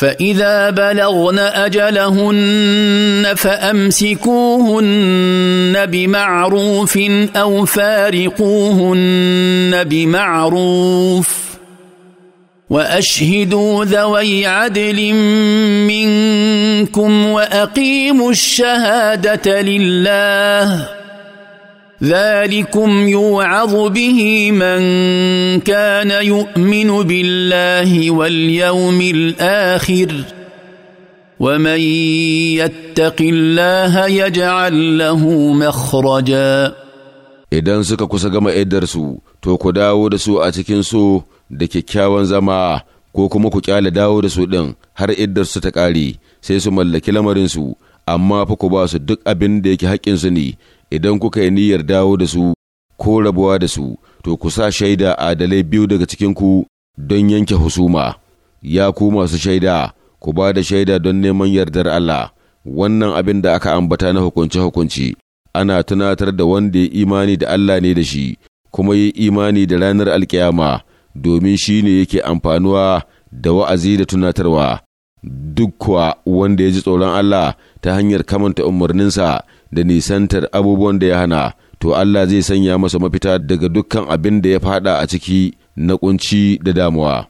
فاذا بلغن اجلهن فامسكوهن بمعروف او فارقوهن بمعروف واشهدوا ذوي عدل منكم واقيموا الشهاده لله ذلكم يوعظ به من كان يؤمن بالله واليوم الاخر ومن يتق الله يجعل له مخرجا idan suka kusa gama iddarsu to ku dawo da su a cikin so da kyakkyawan zama ko kuma ku kyale dawo da su ɗin har iddarsu ta ƙare sai su mallaki lamarinsu amma fa ku ba su duk abin da yake haƙƙinsu ne idan kuka yi niyyar dawo da su ko rabuwa da su to ku sa shaida adalai biyu daga cikinku don yanke husuma ya ku masu shaida ku ba da shaida don neman yardar Allah wannan abin da aka ambata na hukunce hukunci ana tunatar da wanda ya imani da Allah ne da shi kuma yi imani da ranar alkiyama domin shi ne yake amfanuwa da wa'azi da tunatarwa duk kuwa wanda ya ji tsoron Allah ta hanyar kamanta umarninsa da nisantar abubuwan da ya hana, to Allah zai sanya masa mafita daga dukkan abin da ya fada a ciki na kunci da damuwa.